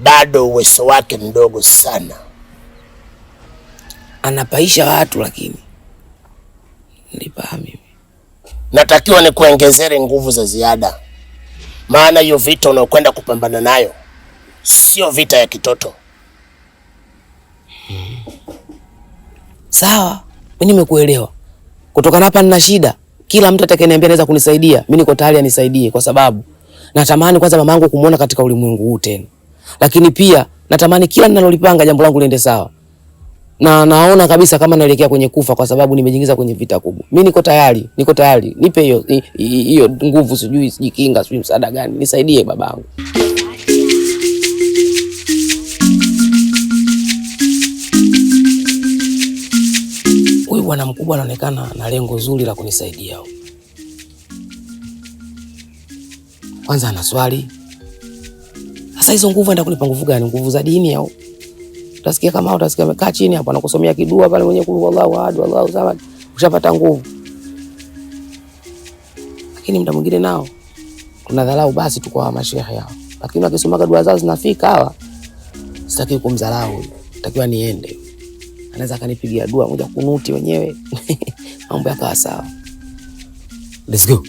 bado uwezo wake mdogo sana, anapaisha watu, lakini nilipaa mimi. Natakiwa nikuengezere nguvu za ziada, maana hiyo vita unaokwenda kupambana nayo sio vita ya kitoto. Hmm. Sawa, mimi nimekuelewa. Kutokana hapa nina shida, kila mtu atakayeniambia anaweza kunisaidia mimi niko tayari anisaidie, kwa sababu natamani kwanza mamangu kumwona katika ulimwengu huu tena lakini pia natamani kila ninalolipanga jambo langu liende sawa, na naona kabisa kama naelekea kwenye kufa, kwa sababu nimejiingiza kwenye vita kubwa. Mimi niko tayari, niko tayari, nipe hiyo hiyo nguvu, sijui sijikinga, sijui msaada gani, nisaidie babangu. Huyu bwana mkubwa anaonekana na lengo zuri la kunisaidia. Kwanza ana swali sasa hizo nguvu enda kunipa nguvu gani? Nguvu za dini au? Utasikia kama utasikia amekaa chini hapo anakusomea kidua pale mwenye kulu Allahu ahad Allahu samad, ushapata nguvu. Lakini mda mwingine nao tunadharau basi tu kwa mashehe hao, lakini akisoma dua zao zinafika hawa, sitaki kumdharau, takiwa niende, anaweza akanipigia dua moja kunuti wenyewe mambo yakawa sawa. Let's go.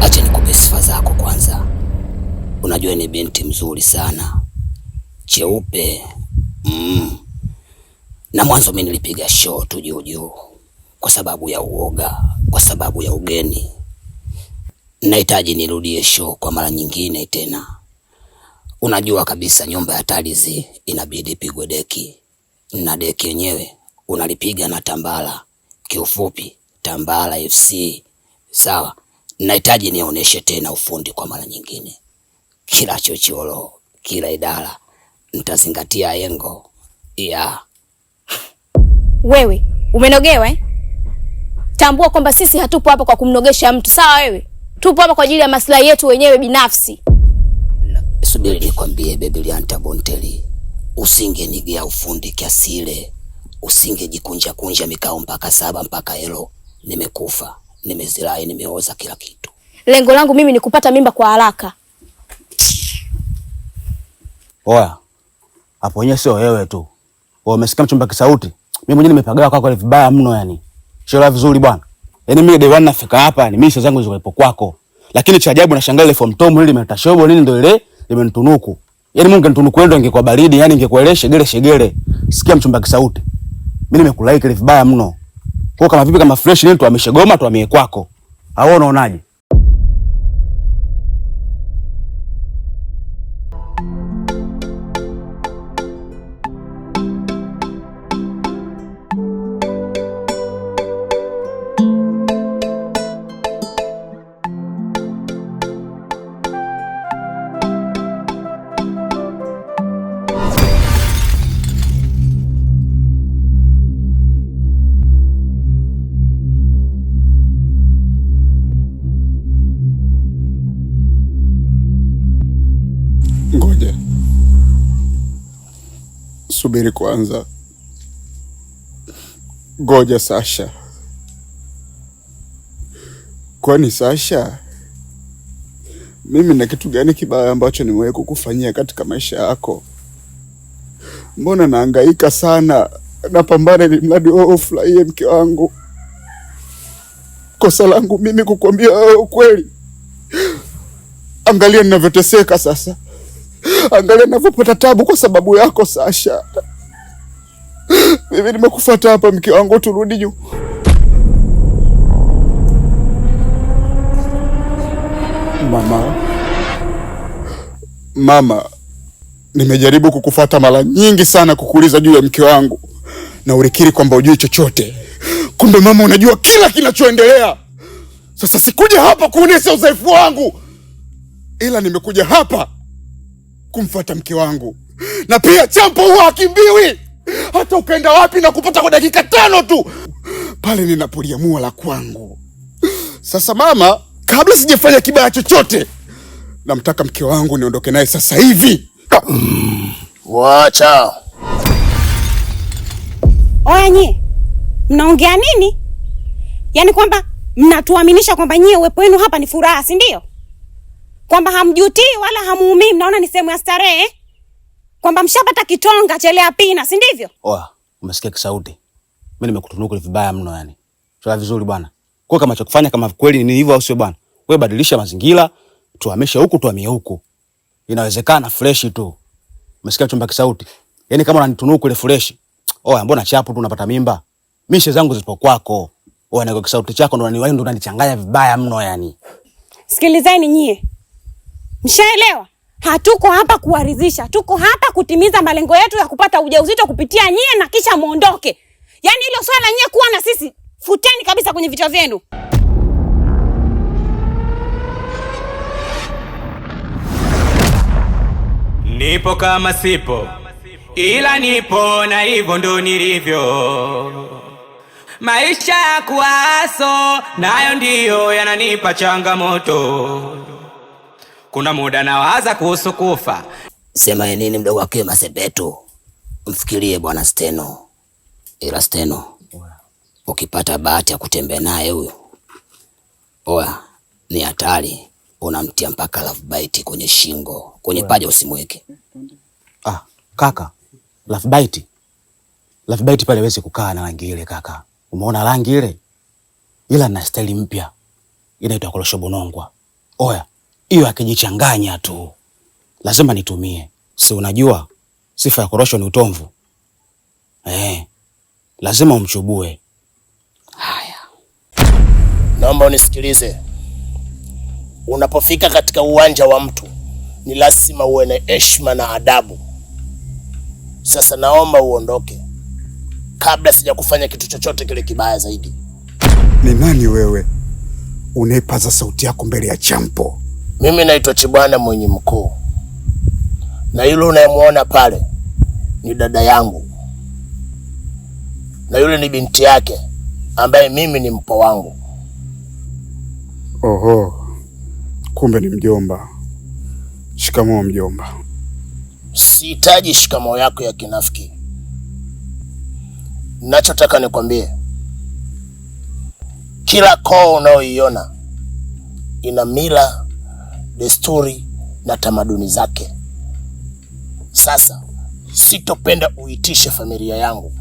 Acha nikupe sifa zako kwanza. Unajua ni binti mzuri sana, cheupe mm. Na mwanzo mimi nilipiga show tu juu juu kwa sababu ya uoga, kwa sababu ya ugeni. Nahitaji nirudie show kwa mara nyingine tena. Unajua kabisa nyumba ya Talizi inabidi pigwe deki, na deki yenyewe unalipiga na Tambala, kiufupi Tambala FC Sawa, nahitaji nionyeshe tena ufundi kwa mara nyingine. Kila chochoro, kila idara nitazingatia yengo ya yeah. Wewe umenogewa eh? Tambua kwamba sisi hatupo hapa kwa kumnogesha mtu sawa. Wewe tupo hapa kwa ajili ya maslahi yetu wenyewe binafsi. Subiri nikwambie, Bebilanta Bonteli, usingenigea ufundi kiasile, kunja mikao mpaka saba mpaka helo nimekufa nimezirai, nimeoza kila kitu. Lengo langu mimi ni kupata mimba kwa haraka. Oya, hapo wenyewe sio wewe tu. Wewe Umesikia mchumba kisauti? Mimi mwenyewe nimepagawa kwako ile vibaya mno yani. Shora vizuri bwana. Yaani mimi day one nafika hapa ni mimi zangu zilipo kwako. Lakini cha ajabu nashangaa ile form tom imeleta shobo nini ndio ile imenitunuku. Yaani Mungu anitunuku ndio ingekuwa baridi yani ingekuwa ile shegele shegele. Sikia mchumba kisauti. Mimi nimekulike vibaya mno. Kwa kama vipi, kama fresh nini, tuhamishie Goma tuhamie kwako, au unaonaje? subiri kwanza, ngoja Sasha. Kwani Sasha, mimi na kitu gani kibaya ambacho nimewahi kukufanyia katika maisha yako? Mbona naangaika sana, napambana ili mradi wewe ufurahie, mke wangu. Kosa langu mimi kukwambia wewe ukweli? Angalia ninavyoteseka sasa. Angalia navyopata tabu kwa sababu yako Sasha. Mimi nimekufuata hapa, mke wangu, turudi juu. Mama, mama, nimejaribu kukufuata mara nyingi sana kukuuliza juu ya mke wangu, na ulikiri kwamba ujui chochote. Kumbe mama, unajua kila kinachoendelea. Sasa sikuja hapa kuonesha udhaifu wangu, ila nimekuja hapa kumfuata mke wangu, na pia champo huwa akimbiwi hata ukaenda wapi na kupata kwa dakika tano tu pale ninapoliamua la kwangu. Sasa mama, kabla sijafanya kibaya chochote, namtaka mke wangu niondoke naye sasa hivi. wacha oya, nyie mnaongea nini? Yaani kwamba mnatuaminisha kwamba nyie uwepo wenu hapa ni furaha, si ndio? kwamba hamjutii wala hamuumii, mnaona ni sehemu ya starehe, eh? kwamba mshapata kitonga chelea pina, si ndivyo? Oa, umesikia kisauti? mi nimekutunuku vibaya mno, yani sala vizuri bwana. Kwa kama chakufanya kama kweli ni hivyo, au sio bwana? Wewe badilisha mazingira, tuhamishe huku, tuhamie huku, inawezekana fresh tu. Umesikia chumba kisauti? Yani kama unanitunuku ile fresh, oa, mbona chapu tu unapata mimba? Mimi shehe zangu zipo kwako. Oa, na kwa kisauti chako ndo yaani ndo unanichanganya vibaya mno, yani. Sikilizeni nyie Mshaelewa? Hatuko hapa kuwaridhisha, tuko hapa kutimiza malengo yetu ya kupata ujauzito kupitia nyie na kisha muondoke. Yaani hilo swala nyie kuwa na sisi, futeni kabisa kwenye vichwa vyenu. Nipo kama sipo, ila nipo na hivyo ndo nilivyo. Maisha ya kuwaso nayo ndiyo yananipa changamoto kuna muda nawaza kuhusu kufa. Sema nini mdogo wake Masebetu, mfikirie bwana Steno, ila Steno ukipata bahati ya kutembea naye huyu, oya, ni hatari, unamtia mpaka bite kwenye shingo, kwenye paja usimweke. Ah, kaka, lafbaiti lafbaiti pale wezi kukaa na rangi ile. Kaka, umeona rangi ile, ila na staili mpya inaitwa korosho bonongwa. Oya hiyo akijichanganya tu lazima nitumie. Si unajua sifa ya korosho ni utomvu eh, lazima umchubue. Haya, naomba unisikilize. Unapofika katika uwanja wa mtu ni lazima uwe na heshima na adabu. Sasa naomba uondoke kabla sija kufanya kitu chochote kile kibaya zaidi. Ni nani wewe unaipaza sauti yako mbele ya champo? Mimi naitwa Chibwana Mwenye Mkuu, na yule unayemwona pale ni dada yangu, na yule ni binti yake ambaye mimi ni mpo wangu. Oho, kumbe ni mjomba. Shikamoo mjomba. Sihitaji shikamoo yako ya kinafiki. Nachotaka nikwambie, kila koo unayoiona ina mila desturi na tamaduni zake. Sasa sitopenda uitishe familia yangu,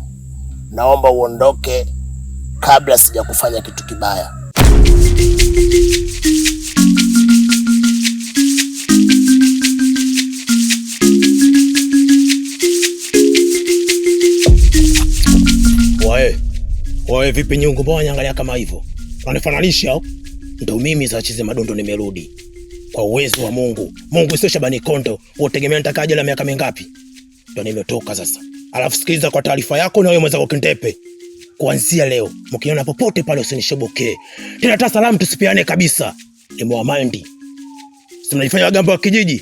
naomba uondoke kabla sija kufanya kitu kibaya. Wae wae, vipi nyungu, mbona anyangalia kama hivyo? wanifananisha au? Ndo mimi za chizi madondo nimerudi kwa uwezo wa Mungu. Mungu sio Shabani Kondo, utegemea nitakaje la miaka mingapi? Ndio nimetoka sasa. Alafu sikiliza kwa taarifa yako na wewe kwa Kintepe. Kuanzia leo mkiona popote pale usinishoboke Tena hata salamu tusipeane kabisa. Nimewa mandi. Si mnajifanya wagamba wa kijiji?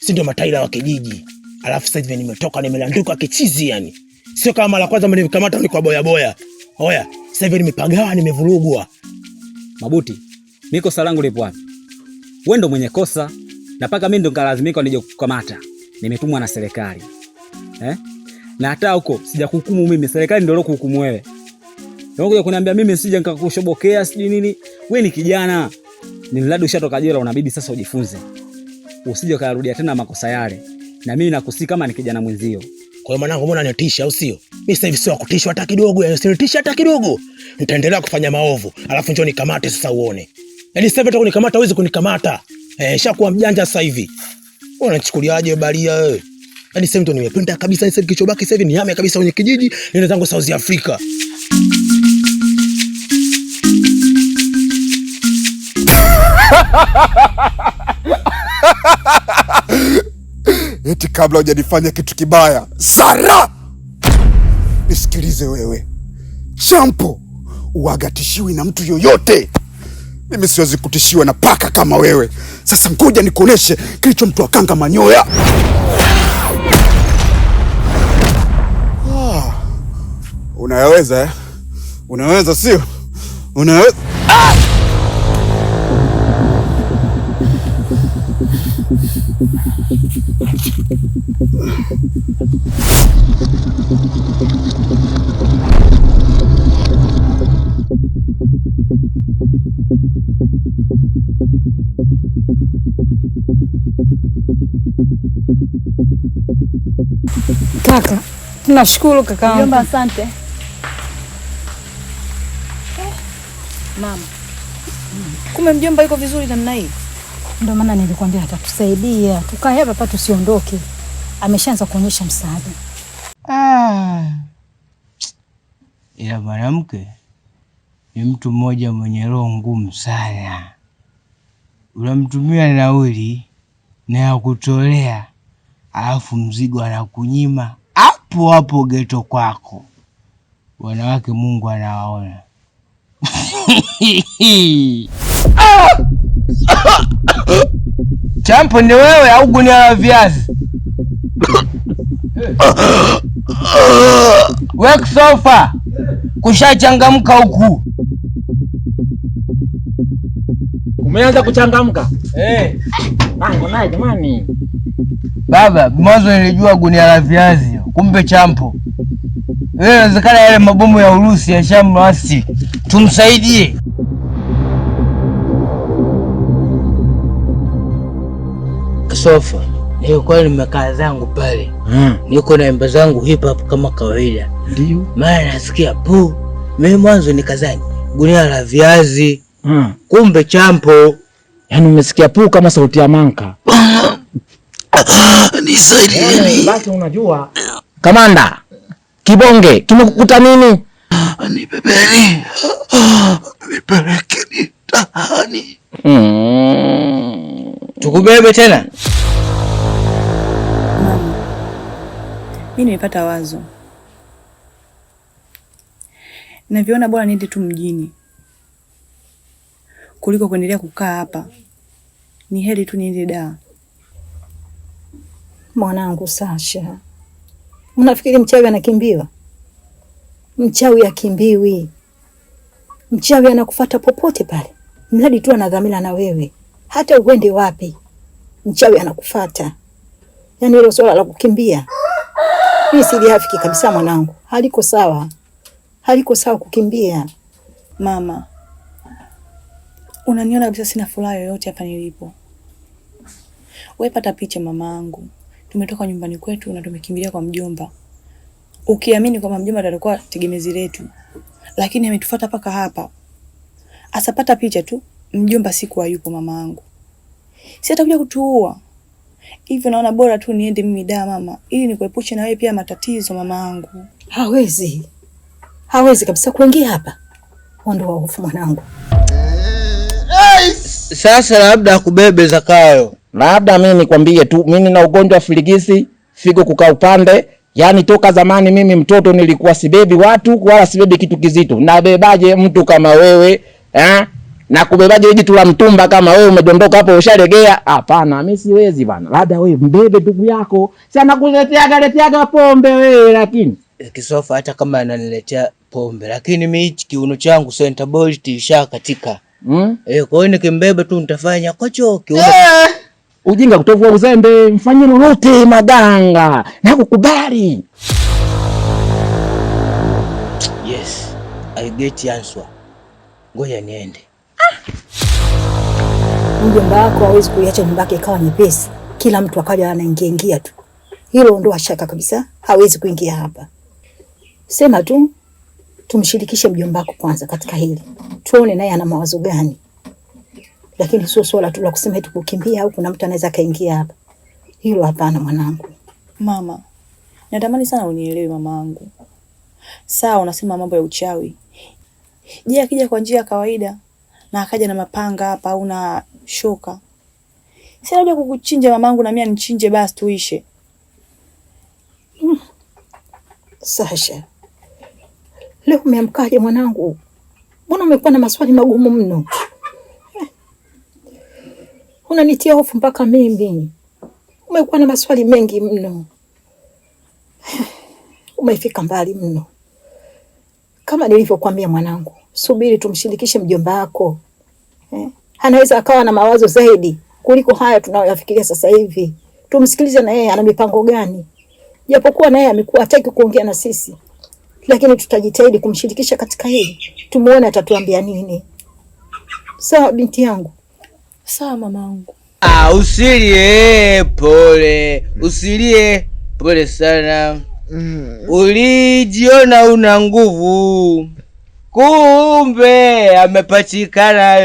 Si ndio mataila wa kijiji. Alafu sasa hivi nimetoka nimelanduka kichizi yani. Sio kama mara kwanza mlinikamata ni kwa boya boya. Oya, sasa hivi nimepagawa nimevurugwa. Mabuti. Miko salangu lipo wapi? wewe ndo mwenye kosa na paka mimi ndo nikalazimika nije kukamata, nimetumwa na serikali eh? na hata huko sijakuhukumu mimi, serikali ndio iliyokuhukumu wewe. Unakuja kuniambia mimi sija nikakushobokea sijui nini. Wewe ni kijana, ni mradi ushatoka jela, unabidi sasa ujifunze, usije ukarudia tena makosa yale, na mimi nakusii kama ni kijana mwenzio. Kwa hiyo mwanangu, mbona nitisha, au sio? Mimi sasa hivi sio kutishwa hata kidogo, yani usinitisha hata kidogo. Nitaendelea kufanya maovu, alafu njoo nikamate sasa uone. Yaani sasa hata kunikamata huwezi kunikamata. Eh, shakuwa mjanja sasa hivi. Wewe unachukuliaje baria wewe? Yaani sasa mtu nimependa kabisa sasa kichobaki sasa hivi ni hame kabisa kwenye kijiji nenda zangu South Africa. Eti kabla hujanifanya kitu kibaya, Sara, nisikilize wewe, champo, uagatishiwi na mtu yoyote. Mimi siwezi kutishiwa na paka kama wewe. Sasa ngoja nikuoneshe kilicho mtu akanga manyoya. Ah, unayaweza eh? Unaweza sio? Unaweza ah. Kaka, nashukuru kaka. Mjomba, asante. mama. Kumbe mjomba yuko vizuri namna hii. Ndio maana nilikwambia atatusaidia. Tukae hapa hapa tusiondoke. Ameshaanza kuonyesha msaada. Ah. Ila mwanamke ni mtu mmoja mwenye roho ngumu sana. Unamtumia nauli na ya kutolea, alafu mzigo anakunyima hapo hapo geto kwako. Wanawake Mungu anawaona. Champo ni wewe au gunia la viazi? Wake sofa kushachangamka huku. Umeanza kuchangamka eh? Ah, naye jamani. Baba, mwanzo nilijua gunia la viazi, kumbe champo. Inawezekana yale mabomu ya Urusi yashamrasi, tumsaidie. Sofa nilikuwa nimekaa zangu pale hmm. Niko naimba zangu hip hop kama kawaida, ndio maana nasikia pu. Mimi mwanzo nikazani gunia la viazi mm. kumbe champo. Yani umesikia puu kama sauti ya manka. Ah, Nisaidieni eh, basi. Unajua kamanda kibonge kimekukuta nini? Ah, Nibebeni ah, nipelekeni tahani. Mm. Tukubebe tena. Mimi nimepata wazo, naviona bora niende tu mjini kuliko kuendelea kukaa hapa. Ni heri tu niende da. Mwanangu Sasha, unafikiri mchawi anakimbiwa? Mchawi akimbiwi, mchawi anakufata popote pale, mradi tu ana dhamira na wewe, hata uende wapi, mchawi anakufata. Yaani hilo swala la kukimbia mimi siliafiki kabisa, mwanangu, haliko sawa, haliko sawa kukimbia mama Unaniona kabisa sina furaha yoyote hapa nilipo. Wewe pata picha mama Tumetoka nyumbani kwetu na tumekimbilia kwa mjomba. Ukiamini kwamba mjomba atakuwa tegemezi letu. Lakini ametufuata paka hapa. Asapata picha tu, mjomba siku hayupo mama yangu. Si atakuja kutuua. Hivyo naona bora tu niende mimi da mama, ili nikuepushe na wewe pia matatizo mama Hawezi. Hawezi kabisa kuingia hapa. Ondoa hofu mwanangu. Sasa labda akubebe Zakayo, labda mimi nikwambie tu, mimi na ugonjwa filigisi, figo kukaa upande Yaani toka zamani mimi mtoto nilikuwa sibebi watu wala sibebi kitu kizito. Nabebaje mtu kama wewe eh? Na kubebaje jitu la mtumba kama wewe umedondoka hapo usharegea? Hapana, mimi siwezi bana. Labda wewe mbebe ndugu yako. Sana kuleteaga leteaga pombe wewe lakini. Eh, Kisofa hata kama ananiletea pombe lakini mimi hichi kiuno changu senta bolt ishakatika. Mm? Eh, kwa hiyo nikimbebe tu nitafanya kocho kiuno. Yeah. ujinga kutovua uzembe, mfanye lolote Maganga. Nakukubali. Yes, I get answer. Ngoja niende. Ah. Mjomba wako hawezi kuiacha nyumba yake ikawa nyepesi, kila mtu akaja anaingia ingia tu. Hilo ondoa shaka kabisa, hawezi kuingia hapa. Sema tu tumshirikishe mjomba wako kwanza katika hili, tuone naye ana mawazo gani, lakini sio swala tu la kusema eti kukimbia au kuna mtu anaweza kaingia hapa. Hilo hapana, mwanangu. Mama, natamani sana unielewe mama Sawa, unasema mambo ya uchawi. Je, akija kwa njia ya kawaida na akaja na mapanga hapa au na shoka, si naja kukuchinja mamangu, na mimi anichinje basi tuishe. Hmm. Sasha Leo umeamkaje mwanangu? Mbona umekuwa na maswali magumu mno Unanitia hofu mpaka mimi. Umekuwa na maswali mengi mno Umefika mbali mno, kama nilivyokuambia mwanangu, subiri tumshirikishe mjomba wako eh. Anaweza akawa na mawazo zaidi kuliko haya tunayoyafikiria sasa hivi. Tumsikilize na yeye ana mipango gani, japokuwa naye amekuwa hataki kuongea na sisi lakini tutajitahidi kumshirikisha katika hili, tumuone atatuambia nini. Sawa binti yangu? Sawa mamaangu. Ah, usilie, pole, usilie, pole sana. Mm-hmm. Ulijiona una nguvu, kumbe amepachikana.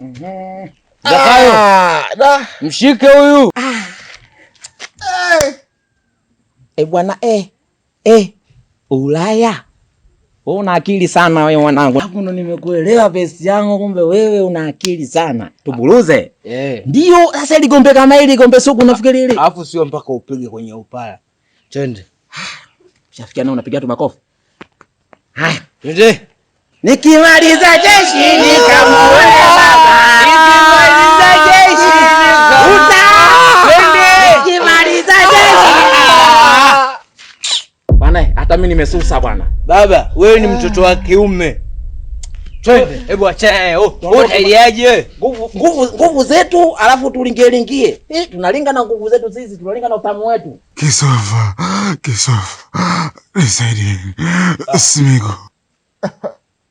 Mm-hmm. ah, mshike huyu. Ah. Eh. Eh, bwana eh. Eh. Ulaya. Wewe una akili sana wewe mwanangu. Hapo ndo nimekuelewa best yangu, kumbe wewe una akili sana. Tuburuze. Eh. Yeah. Ndio sasa ile gombe kama ile gombe sugu unafikiri ile. Alafu sio mpaka upige kwenye upala. Twende. Shafikia na unapiga tu makofi. Haya. Twende. Nikimaliza jeshi nikamwona. hata mimi nimesusa bwana. Baba, wewe ni mtoto wa kiume. Twende. Hebu acha eh, Oh, wewe? Nguvu nguvu nguvu zetu alafu tulingie lingie. Eh, tunalinga na nguvu zetu sisi, tunalinga na utamu wetu. Kisofa. Kisofa. Nisaidie. Ah. Simigo.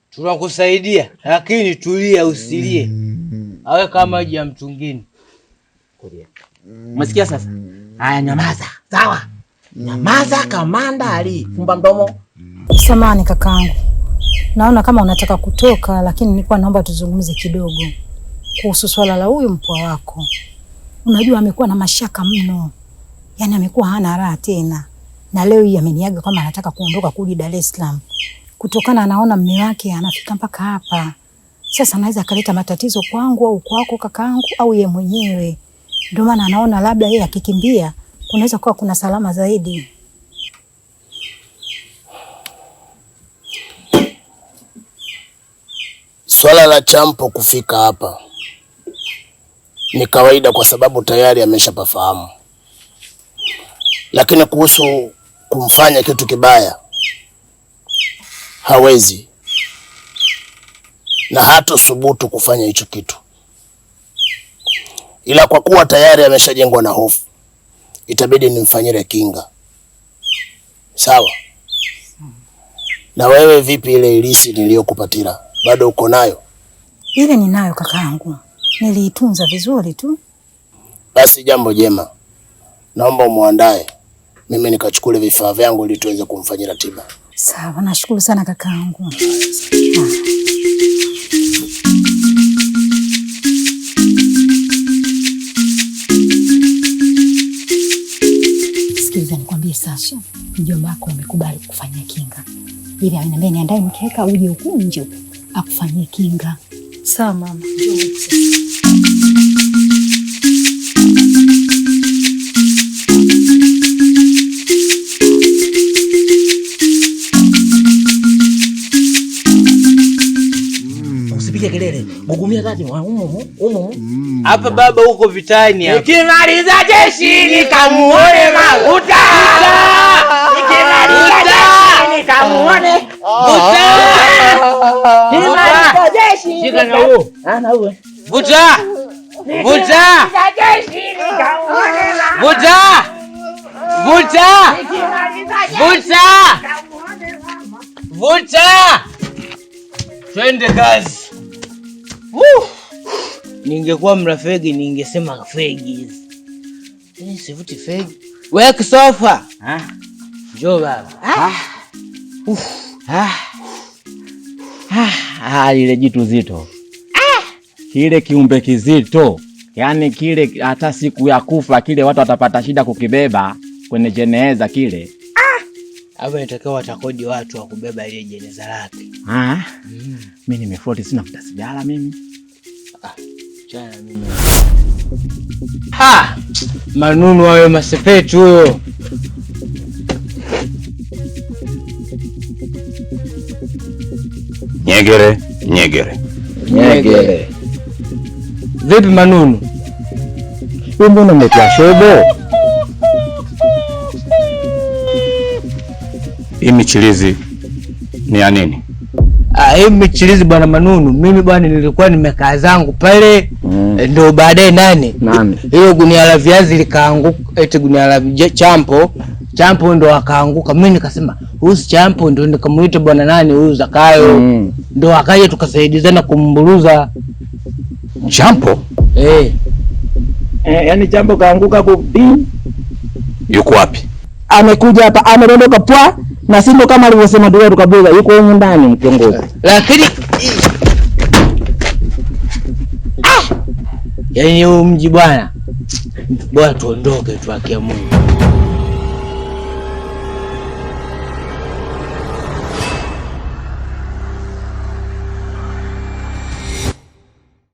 Tunakusaidia lakini tulia usilie. Mm. Awe kama maji ya mtungini. Kulia. Umesikia sasa? Haya, nyamaza. Sawa. Nyamaza mm. kamanda Ali, fumba mdomo. Mm. Samani kakangu, naona kama unataka kutoka, lakini nilikuwa naomba tuzungumze kidogo kuhusu swala la huyu mpwa wako. Unajua amekuwa na mashaka mno, yaani amekuwa hana raha tena, na leo hii ameniaga kama anataka kuondoka kurudi Dar es Salaam kutokana, anaona mme wake anafika mpaka hapa. Sasa anaweza akaleta matatizo kwangu au kwako kakangu, au ye mwenyewe. Ndio maana anaona labda yeye akikimbia kunaweza kuwa kuna salama zaidi. Swala la Champo kufika hapa ni kawaida, kwa sababu tayari ameshapafahamu, lakini kuhusu kumfanya kitu kibaya hawezi na subutu kufanya hicho kitu, ila kwa kuwa tayari ameshajengwa na hofu itabidi nimfanyire kinga, sawa? Na wewe vipi, ile ilisi niliyokupatira bado uko nayo? Ile ninayo kakaangu, niliitunza vizuri tu. Basi jambo jema, naomba umwandae mimi nikachukule vifaa vyangu ili tuweze kumfanyia tiba. Sawa, nashukuru sana kakaangu. kabisa. mjomba wako amekubali kufanya kinga, ili ananiambia niandae mkeka uje huku nje akufanyie kinga. Sawa mama. Gugumia dhati mm. umo umo mm. hapa baba, huko vitani hapa. Nikimaliza jeshi nikamuone Maguta, nikimaliza jeshi nikamuone Guta, Guta, Guta, twende kazi. Ningekuwa mrafegi ningesema fegi hizi. Yaani eh, sivuti fegi. Wewe kisofa. Njoo baba. Ah. Ah. Ah, ile jitu zito. Ah. Kile kiumbe kizito. Yaani kile hata siku ya kufa kile watu watapata shida kukibeba kwenye jeneza kile. Ah. Hapo inatakiwa watakodi watu wa kubeba ile jeneza lake. Ah. Mm. Mi nimefloti sina futa sigara ah, mimi. Ha! Manunu wawe masepetu huyo. Nyegere, nyegere. Nyegere. Vipi Manunu? Wewe mbona umetia shobo? Hii michilizi ni ya nini? hebu michirizi bwana Manunu, mimi bwana nilikuwa nimekaa zangu pale mm. Ndo baadaye nani hiyo gunia la viazi likaanguka, eti gunia la champo champo ndo akaanguka. Mimi nikasema huyu champo, ndo nikamuita bwana nani huyu Zakayo mm. Ndo akaja tukasaidizana kumburuza champo eh. Eh, yani champo kaanguka, yuko wapi? Amekuja hapa, ameondoka pwa na si kama alivyosema ndugu yetu Kabwega, yuko huko ndani kiongozi, lakini ah, yaani huu mji bwana, bora tuondoke tu, Mungu.